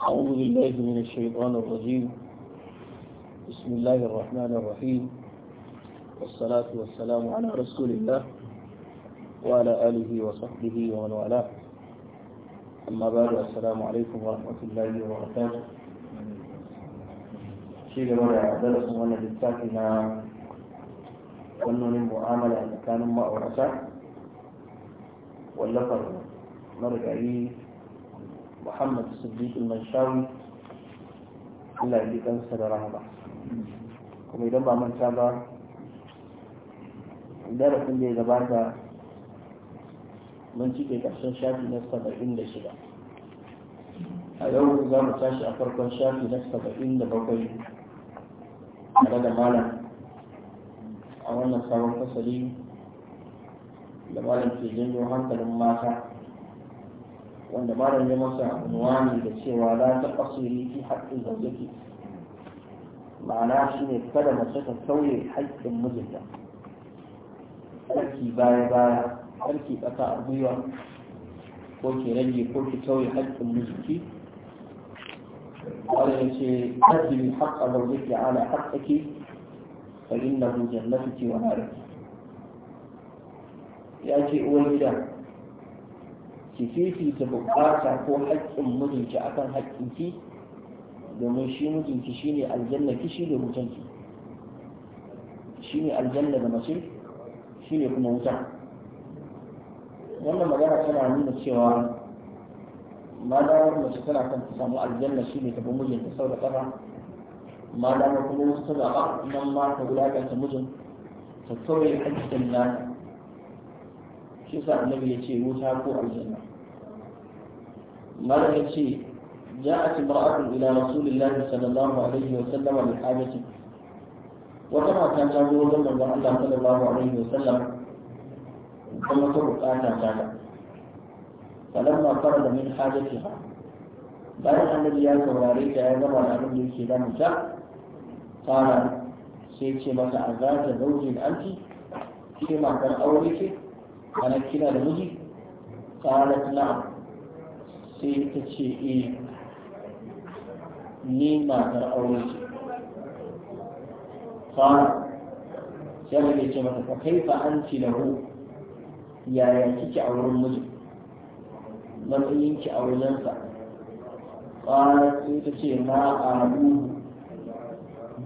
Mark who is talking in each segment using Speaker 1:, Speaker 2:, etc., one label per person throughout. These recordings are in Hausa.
Speaker 1: أعوذ بالله من الشيطان الرجيم بسم الله الرحمن الرحيم والصلاة والسلام على رسول الله وعلى آله وصحبه ومن والاه أما بعد السلام عليكم ورحمة الله وبركاته شيء جميل درس وانا للساكنة فنون المعاملة مكان ما أورثه واللفظ مرجعي muhammad siddiqul manshawi Allah ya ji kansa da rahama kuma idan ba manta ba darasin da ya gabata mun cike karshen shafi na saba'in da shida a yau za mu tashi a farkon shafi na saba'in da bakwai tare da malam a wannan sabon fasali da malam ke janyo hankalin mata wanda malam ya masa unwani da cewa la taqsiri fi haqqi zawjati ma'ana shine kada mace ta sauye haƙƙin mijinta sarki baya baya sarki tsaka a gwiwa ko ke rage ko ki sauye haƙƙin mijinki قال يا أدري حق زوجك على حقك فإنه جنتك ونارك ya ce uwan gida ki fifita bukata ko haƙƙin mijinki akan haƙƙinki domin shi mijinki shine aljanna ki shine mutanki shine aljanna da mace shine kuma wuta wannan magana tana nuna cewa ma damar mace tana kan ta samu aljanna ne ta bi mijinta sau da ƙafa ma damar kuma wasu ta zaɓa nan ma ta wulaƙanta mijin ta kawai haƙƙin nata shi sa annabi ya ce wuta ko aljanna malam ya ce ja'at imra'atun ila rasulillahi sallallahu alaihi wa sallam li hajati wata mata ta zo wajen manzon Allah sallallahu alaihi wa sallam kuma ta bukata ta ta falamma farada min hajatiha bayan annabi ya saurare ta ya gama da abin da yake damu ta fara sai ce masa a za ta aure ce ana kina da miji قالت نعم sai ta ce e ni matar aure ce fa sai mai ce mata fa kai fa an ci lahu yaya kike a wurin miji matsayin ki a wajensa ƙwara sai ta ce ma a ruhu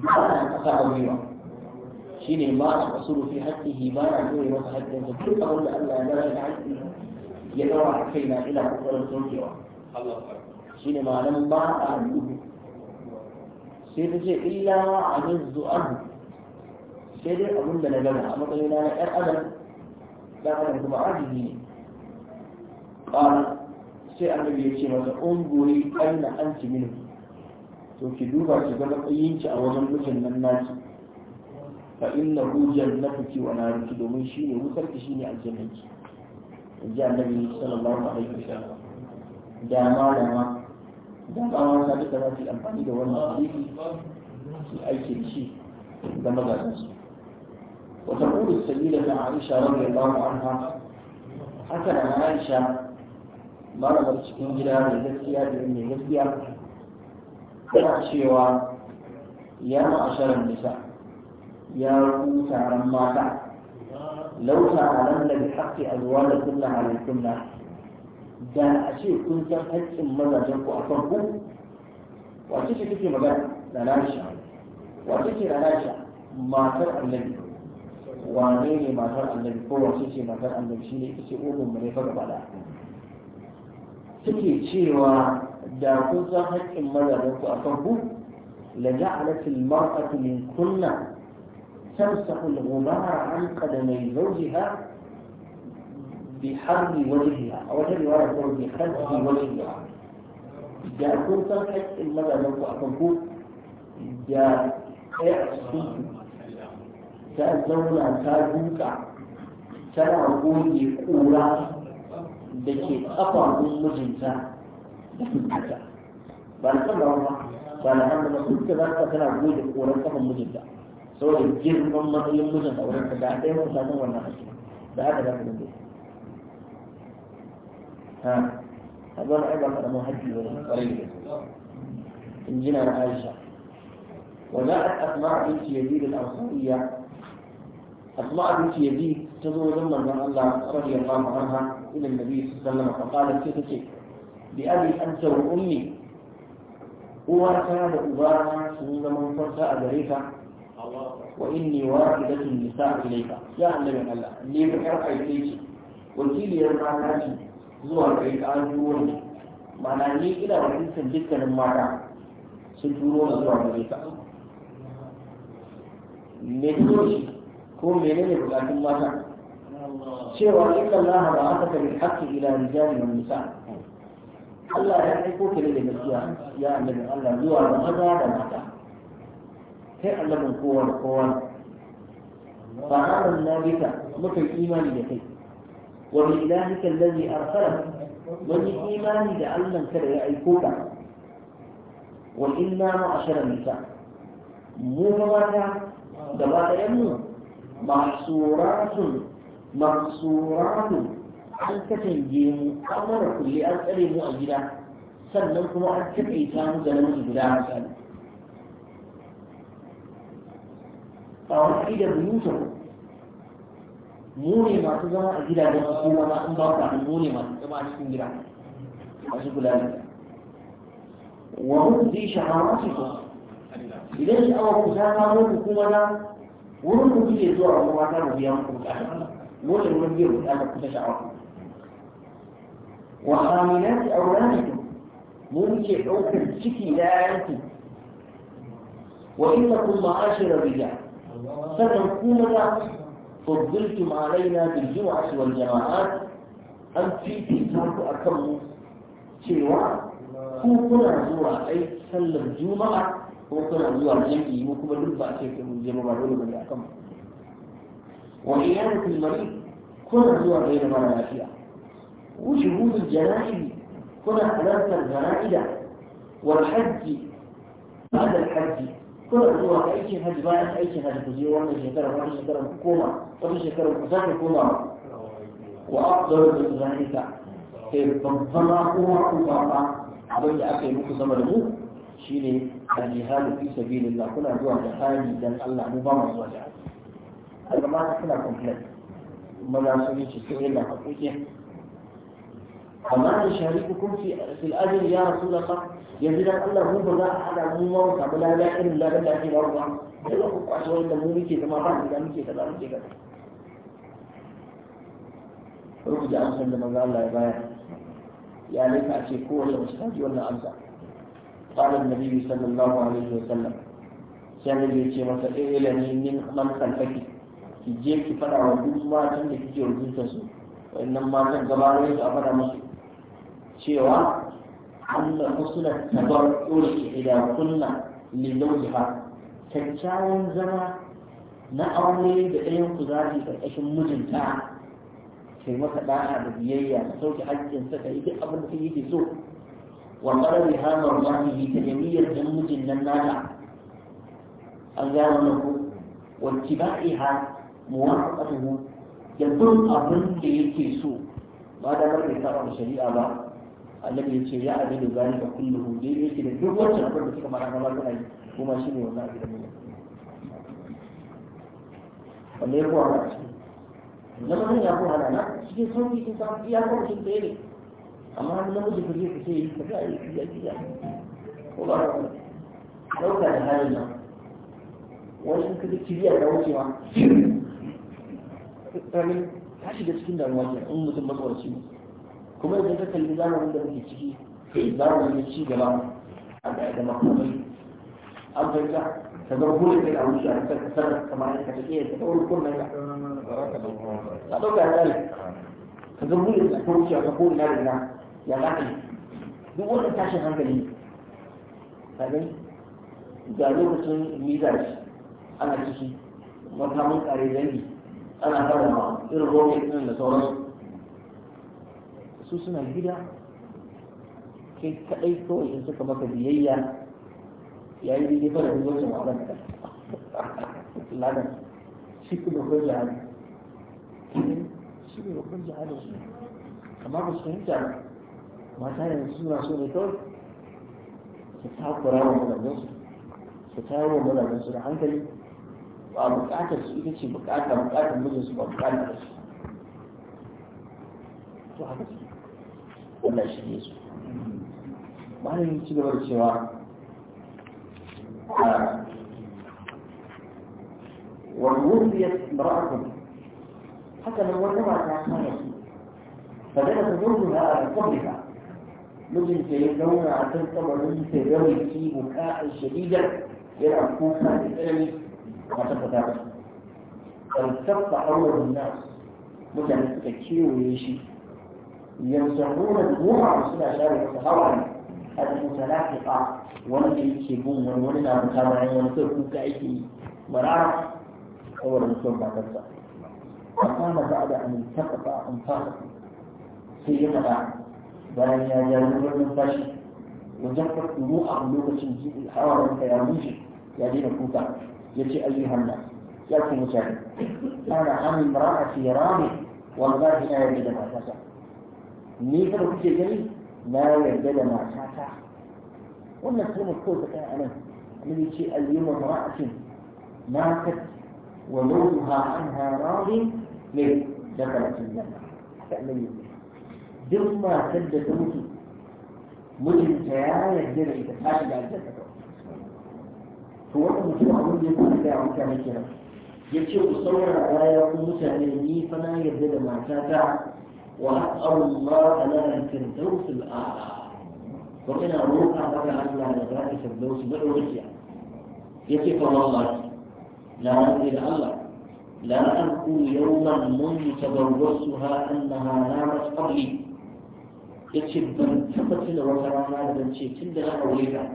Speaker 1: ba a kasa a gwiwa shi ne ma a kasu rufe haƙƙihi ba na gwiwa masa haƙƙinsa duk abin da Allah ya zara da haƙƙi ya dawa a kai na ina kokarin sokewa shi ne ma'anar ba a duhu sai ta ce illa ma a zo zu'an sai dai abin da na gana a matsayin na yar adam da adam kuma ajizi ne ƙara sai annabi ya ce masa unguri aina an ci minu to ki duba ki ga matsayinki a wajen mutum nan naki fa inna hu jannatuki wa naruki domin shi ne wutar shine wutarki shine aljannanki جاء النبي صلى الله عليه وسلم داما داما داما داما سابقا في الأمطان دوال مصريك في أي شيء شيء داما وتقول السيدة عائشة رضي الله عنها حتى أن عائشة ما رغبت شكين جدا من جسيا بإن جسيا يا معشر النساء يا رؤوس عرماتك لو تعلمن بحق أزواجكن عليكن da a ce kun san haƙƙin mazajen ku a kan wace ce kake magana da Aisha wace ce da Aisha matar Annabi wane ne matar Annabi ko wace ce matar Annabi shine ita ce ummul mu ne fa gaba da cewa da kun san haƙƙin mazajen ku a kunna تمسح الغبار عن قدمي زوجها بحرب وجهها او تبي ورا زوجي خلف وجهها جا كون تمحك المدى لو تقول جا اعصي جا زوجي عن تاجوكا ترى قولي قولا دكي اطعم المجن تا بل كم روما بل هم نسوك ذلك تنا قولي قولا كم مجن saboda girman matsayin mijin a wurin da ɗaya mun samu wannan haske da haka za ka dinga ha a zuwa ai ba karamin haƙƙi wurin ƙwarai da in jina na aisha وجاءت أسماء بنت يزيد الأنصارية أسماء بنت يزيد تزوج من الله رضي الله عنها إلى النبي صلى الله عليه وسلم فقالت كيف كيف بأبي أنت وأمي هو كان أبانا سنين من فرصة أدريكا wa inni ra'idatun nisa ilayka ya annabi Allah ne ka kar aike ki wakiliyar mata ce zuwa kai ƙaruwar ne mana ni ina wakiltar dukkanin mata sun turo na zuwa gare ka me ko shi ko menene bukatun mata cewa inna Allah ba aka tabi haƙƙi ila rijali wa nisa Allah ya aiko ka da gaskiya ya annabi Allah zuwa ga maza da mata kai mun kowa da kowa fa na bika muka imani da kai wa bi ilahika allazi arsala mun yi imani da Allah kada ya aiko ka wa inna ashara nisa mu mata ba ɗayan mu masuratun masuratun an katange mu an mana kulle an tsare mu a gida sannan kuma an ta mu ga namiji guda misali tsawon idan yusuf mu ne masu zama a gidajen su ma in ba ku mu ne masu zama a cikin gida masu kula da wa hudu shahararsu ku idan sha'awar ku ta kamo ku kuma na wurin ku kuke zuwa wa mata mu biya muku bukata wurin mun biya bukata ku ta sha'awar ku wa hamilati auladikum mu muke ɗaukar ciki da yayanku wa innakum ma'ashira rijal sannan ku maza fuddiltum alaina bil jumu'ati wal jama'at an fifita ku akan mu cewa ku kuna zuwa ai sallar juma'a ko kuna zuwa jami'i mu kuma duk ba ce kun je ba dole bane akan mu wa iyadatul marid kuna zuwa gaira mara lafiya وشهود الجنائز كنا حلالة الجنائز والحج بعد الحج kuna zuwa aikin hajji bayan aikin hajji ku je wannan shekarar wannan shekarar ku koma wannan shekarar ku sake koma wa afdalu min zalika sai babban kuma ku baba abin da aka yi muku sama da mu shine al-jihadu fi sabilillah kuna zuwa da hali dan Allah mu ba mu zuwa da hali amma kuna complain maza sun yi cikin yana haƙoƙin amma an shari hukum fi al'ajir ya rasu da yanzu dan Allah mu ba za a hada mu ma mu samu lada irin ladan da ake ba mu da za ku kwashe wanda mu muke zama ba mu da muke kaza muke kaza rubu da amsar da manzo Allah ya baya ya laifa a ce kowace mace ta ji wannan amsa قال النبي صلى الله عليه وسلم sai ya ce masa ilani min man kalfaki ki je ki fada wa duk matan da kike rubuta su wannan matan gabanin su a fada musu cewa Allah husna tabar ƙuri idan kunna lillauha kyakkyawan zama na aure da ɗayan ku zafi ƙarƙashin mijinta kai maka da'a da biyayya ka sauke haƙƙinsa ka yi duk abin da kake so wa ya hama wallahi ta jami'ar da mijin nan naka an ga wannan ku ba mu tiba'iha muwafaqatuhu da bin abin da yake so ba da barka ta shari'a ba annabi ya ce ya abin da zani ka kullu hu dai yake da duk wacce abin da suka mara gaba suna kuma shi ne wannan abin da mai wanda ya kowa a ciki na mutum ya kuwa na cikin sauki sun samu iya kwamfin ɗaya ne amma wani namiji ka je ka ce yi ka za a yi ya ji ya ko ba ka ɗauka da halin nan wani in ka ga kiriya ta wucewa ramin ta shiga cikin damuwa ke in mutum matsawarci ne kuma idan ka kalli zamanin da muke ciki zamanin ne ci gaba a ga da makamai an fahimta ka zama gole kai a wuce a kan kasar kamar yadda ka iya ta wani kuma ya ka ɗauka ya tsari ka zama gole kai a wuce a kan kowane na ya za ka yi duk wannan tashin hankali ka gani ga lokacin mizaji ana ciki makamin ƙare dangi ana fara irin rokin ɗin da sauransu su suna gida kai kadai kawai in suka maka biyayya ya yi daidai fara da wasu ma'aurata ladan shi kuma babban jihadi shi kuma babban jihadi su amma ba su fahimta ba mata yanzu suna so ne kawai su takura wa mazajensu su tayar wa mazajensu da hankali ba bukatar su ita ce bukata bukatar mijinsu ba bukatar su to haka ce Allah shi ne su bayan ci gaba da cewa والوفيت امرأة حتى لو وجبها تعصانية فدلت زوجها من قبلها مجن سيدون عن تنطبع مجن سيدون في بكاء شديدا يلعب كوفا للعلم عشان تتابع فالتفتح أول الناس مجن تكيو ويشي يسمون الجمعة suna share masa المتلاحقة a cikin salafiqa wanda yake bin wani أول na mutu bayan wani بعد أن التقط أنفاسه في جمعة بأن يا من فشل وجفت دموعه لوكة جيب الحوار أنت يا موشي يا دين الكوتا أيها الناس يأتي مشاهد أنا عن امرأة رامي والله لا يجد ما تسعى ni fa kuke gani na yarda da matata wannan kalmar kawai ta kai anan annabi ce al-yawma ra'atin matat wa mawduha anha radin ne da karatun janna haka annabi duk matar da ta mutu mijinta ya yarda da ita ta shiga aljanna to wannan mutum abin da ya fara da mutane kenan ya ce ku saurara baya ku mutane ni fa na yarda da matata وأسأل الله لنا الفردوس الأعلى وإلى روحا بك أن لا da بالوجه يكف والله لا إلى الله لا أبكو يوما منذ تبوستها أنها نامت قبلي yace ban taba tuna wata rana da ce tun da na aure ka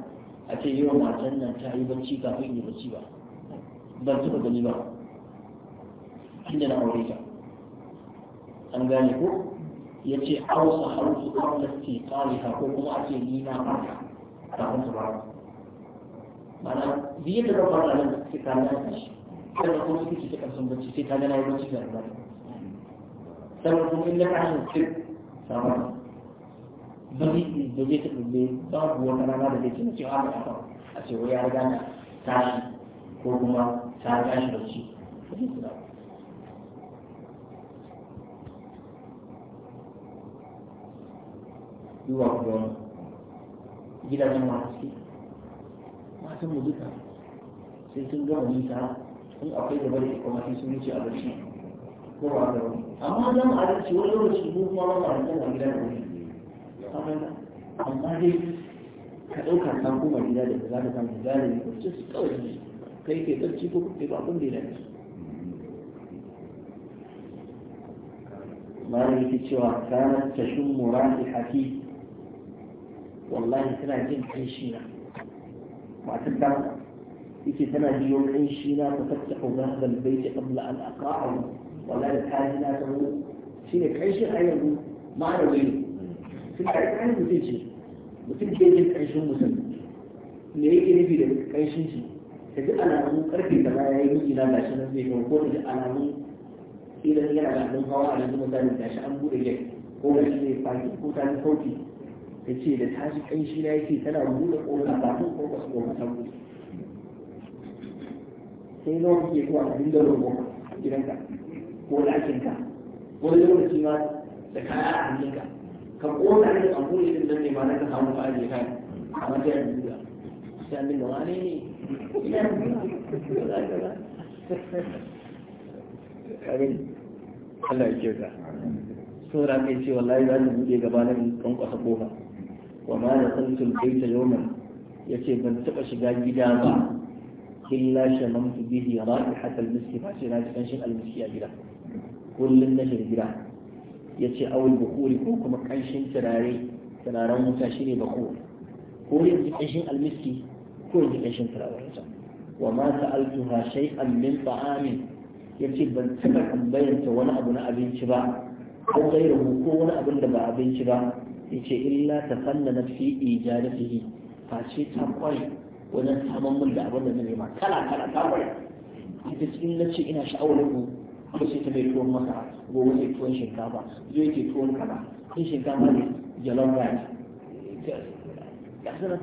Speaker 1: a ce yau matan nan ta yi bacci kafin yi bacci ba ban taba gani ba tun da na aure ka an gane ko ya ce hausa hausu kawai ce tsari ko kuma a ce nina na kafin su fara mana biyu da zan da nan suke kane ka kashi tashi da kuma suke cikin kan sun bacci sai kane na yi bacci da rubar sannan kuma inda ka shi cin sama ba zai da zai ta dubbe babu wata rana da zai tuna cewa da ta a ce wai ya gane tashi ko kuma ta gane bacci ba zai su zuwa kuma gidajen masu ke matan mu duka sai sun gama nisa in akwai da bari kuma sai sun abinci ko ba da amma za mu adalci wani lokaci mu kuma ma mu adalci a gidan wani amma dai ka ɗauka ka koma gida da za ka samu galibi ko ce su kawai kai ke barci ko kai ba abin da ya dace malam yake cewa kana tashun murati wallahi tana jin kanshi na matar ta yake tana jiyo kanshi na ta tafi hukar da baiti qabla an aqa'u wallahi ta ji na ta shi ne kanshi hanyar yanzu ma'ana ne sun da kan mutum ce mutum ke jin kanshin mutum me yake nufi da kanshin shi ta ji alamun karfe da ya yi miji na gashi nan zai kawo ko ta ji alamun idan yana da abin hawa a yanzu mutane gashi an buɗe gate ko gashi ne fahimta ko ta ji sauki ya ce da ta ji shi na yake tana buɗe ƙofar ba ta ƙofar su ba ta ku sai nawa ke zuwa a dinga roƙo gidanka ko ɗakinka wani lokaci ma da kaya a hannunka ka ƙona ne a buɗe din nan ne ma na ka samu ka ajiye kayan a matsayin buɗe sai an dinga wani ne ina buɗe za ka da abin Allah ya kyauta da kai ce wallahi za mu buɗe gaba na kan kwasa kofa wa ma da tsantin baita yawman ya ce ban taɓa shiga gida ba illa shamamtu bihi al miski ba ce na ji kanshin almiski a gida kullum na gida ya ce awul bakuri ko kuma kanshin turare turaren wuta shi ne bakuri ko ya ji al almiski ko ya ji kanshin turaren wuta wa ma sa'altuha shay'an min ta'amin yace ban taɓa tambayar ta wani abu na abinci ba ko gairahu ko wani abin da ba abinci ba yace illa ta fannana fi ijadatihi face ta kware wajen saman mun da abin da zai ma. kala kala ta kware ita cikin ce ina sha'awar ku ko sai ta mai tuwon masara ko wani tuwon shinkafa zai yake tuwon kala. in shinkafa ne jalon rice Ya sanar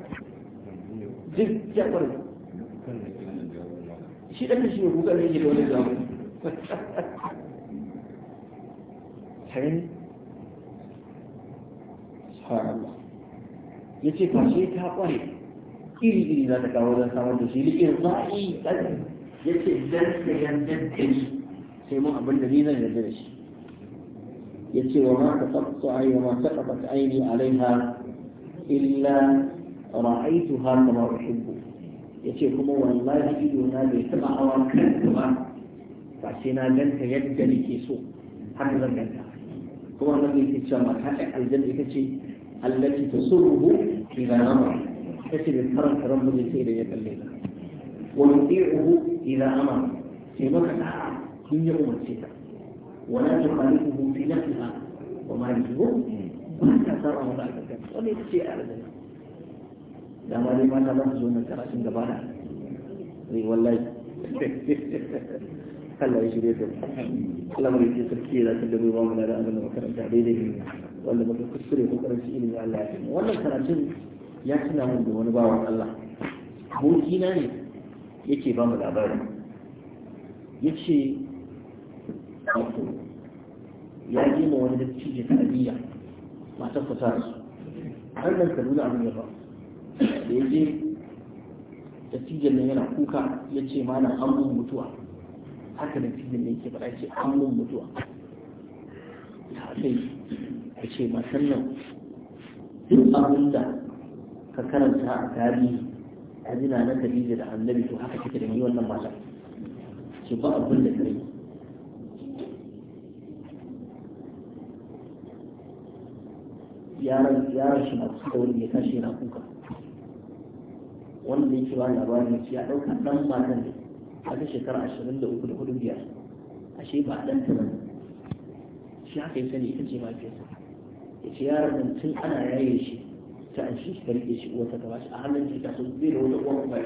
Speaker 1: duk ya kware shi ɗan da shi ne kuka ne ke da wani zamani subhanallah ce ka shi ta kware iri iri za ta kawo don samar da shi liƙin za'i tsari yace dan ka yarda da ni sai mun abin da ni zan yarda da shi Ya yace wa ma taqattu ay wa ma taqatat ayni alaiha illa ra'aytuha kama uhibbu ce kuma wallahi ido na bai taba hawa kanta ba ba sai na ganta yadda nake so har zan ganta kuma nan ne ke cewa mata ta aljanna ita ce allati tasurruhu idza amara kace da karanta ran mijin sai da ya kalle ka wa yuti'uhu idza sai maka da'a in ya umarce ka wa la tukhalifuhu fi nafsiha wa ma yuhu ba ka saba masa alƙaƙa wanda ya ce a aljanna da ma dai mata za zo na karatun gaba da ne wallahi Allah ya Allah mai sarki da ba mu da abin da makaranta daidai ne wanda muka kuskure ko karanci ilimi Allah ya sani wannan karatun ya tuna mun da wani bawan Allah na ne yake ba mu labari yace wato ya je ma wani dattijo ta'aziyya matar fasa su har nan kaduna abin da ba da ya je dattijan nan yana kuka ya ce nan an mun mutuwa haka dattijan nan ke faɗa ce an mun mutuwa ya kai ya ce matan nan duk abin da ka karanta a tarihi a zina na Khadija da annabi to haka kike da ni wannan matan ce ba abin da kai yaran yaran shi na kusa wani ya tashi yana kuka wannan yake ba labarin ya dauka dan matan ne a shekara 23 da 4 da biyar ashe ba dan ta shi haka ya sani ita ce mafiyarsa ya ce yaron nan tun ana raye shi ta an shi ta rike shi uwarsa ta bashi a hannun shi ta so zai da wani uwan ba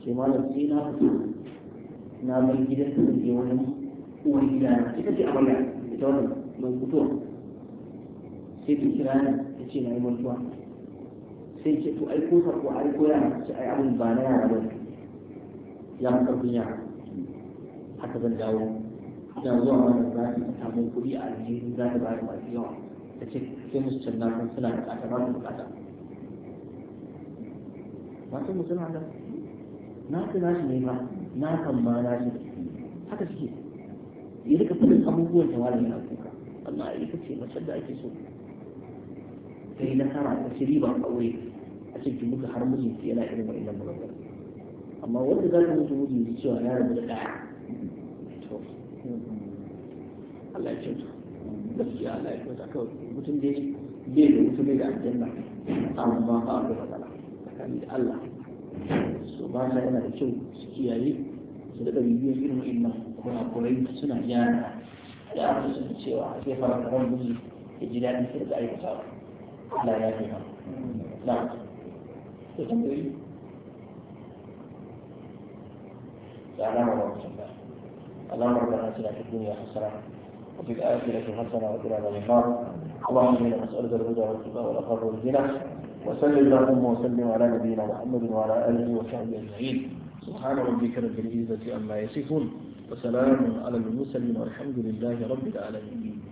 Speaker 1: ce malam sai na fito na bar gidan ta zai wani uwar gida na ita ce amarya ita wannan mai fito sai ta kira ni ta ce na yi mantuwa sai ce to ai ko sarko ai ko yana ce ai abin ba na yara ba ya makarfin yara haka zan dawo ina zuwa wannan za a samun kuɗi a aljihu za ta bayar masu yawa ta ce ke musu can nasan suna bukata ba su bukata masu mu suna da na su nashi ne ba na kan ma nashi haka suke ya rika fadin abubuwan da wani na kuka amma a ita ce mace da ake so ta yi nasara ta ci riba aure a cikin muka har mijinki yana irin wa'annan maganganu amma wanda za ka mutu mijinki cewa ya rabu da ɗaya Allah ya gaskiya Allah ya kyauta kawai mutum bai da mutum da aljanna amma ba a da matsala tsakani da Allah so ba sa yana da kyau su kiyaye su da ɗabi'un irin wa'innan kurakurai suna gyara da aka suna cewa zai fara da ran miji ya ji daɗin sai da aikata ba Allah ya kai na ta tambayi da alamar wancan ba alamar na ta duniya hasara وفي الآخرة حسنة وقنا عذاب النار اللهم إنا نسألك الهدى والتقى والأقر والزنا وسلم اللهم وسلم على نبينا محمد وعلى آله وصحبه أجمعين سبحان ربك رب العزة عما يصفون وسلام على المرسلين والحمد لله رب العالمين